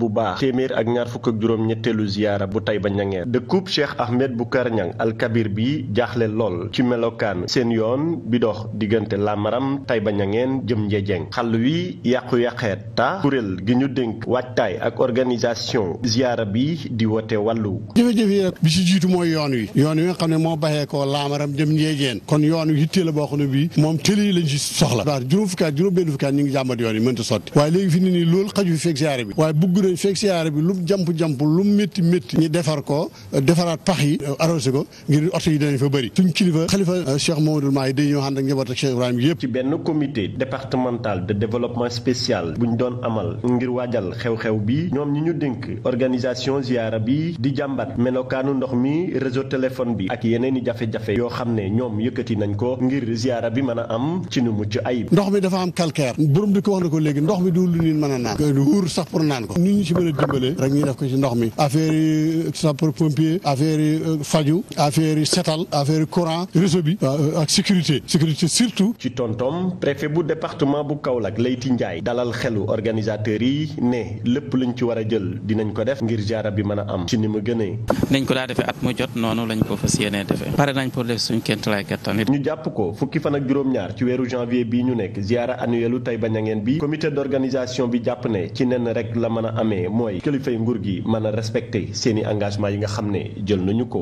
bu baax téeméer ak ñaar fukk ak juróom ñetteelu ziyaara bu Taïba Ñangeer dëkkub Cheikh Ahmed Boucar Niang alkabir bi jaaxle lool ci melokaan seen yoon bi dox diggante Lamaram Taïba Ñangeen jëm Ndiédiène xàll wi yàqu-yàqeet ta kuréel gi ñu dénk waajtaay ak organisation ziyaara bi di wote wàllu jëfe-jëfe yi bi si jiitu mooy yoon wi yoon wi nga xam ne moo baxee ko Lamaram jëm Ndiédiène kon yoon wi yittee la boo xam ne moom tëli yi lañ si soxla waaw juróom fukkaat juróom benn fukkaat ñu ngi jàmbat yoon yi mënta cérémonie feeg siyaare bi lu mu jamp jamp lu mu métti métti ñu defar ko defaraat pax yi arrosé ko ngir oto yi danañ fa bëri suñ kilifa xalifa euh, Cheikh Mamadou Mahi day ñëw ànd ak njaboot ak Cheikh Ibrahima yëpp ci benn comité départemental de développement spécial buñ doon amal ngir waajal xew-xew bi ñoom ñu ñu dénk organisation ziara bi di jàmbat melokaanu ndox mi réseau téléphone bi ak yeneen i jafe-jafe yoo xam ne ñoom yëkkati nañ ko ngir ziara bi mën a am ci ñu mucc ayib ndox mi dafa am calcaire borom di ko wax na ko léegi ndox mi du lu nit mën ñu si mën rek ñu def ko ci ndox mi affaire yi euh, sapeur pompier affaire yi euh, faju affaire setal affaire yi courant réseau bi euh, ak sécurité sécurité surtout ci tontom préfet bu département bu kaw Kaolack Leyti njaay dalal xelu organisateurs yi ne lépp luñ ci war a jël dinañ ko def ngir jaara bi mën a am ci ni mu gënee nañ ko daa defee at mu jot noonu lañ ko fas yéenee defee pare nañ pour def suñ kentalaay kattan ñu jàpp ko fukki fan ak juróom-ñaar ci weeru janvier ñu nekk ziara annuelu Taïba bi comité d'organisation amee mooy kilifay nguur gi mën a respecté seen i engagement yi nga xam ne jël nañu ko.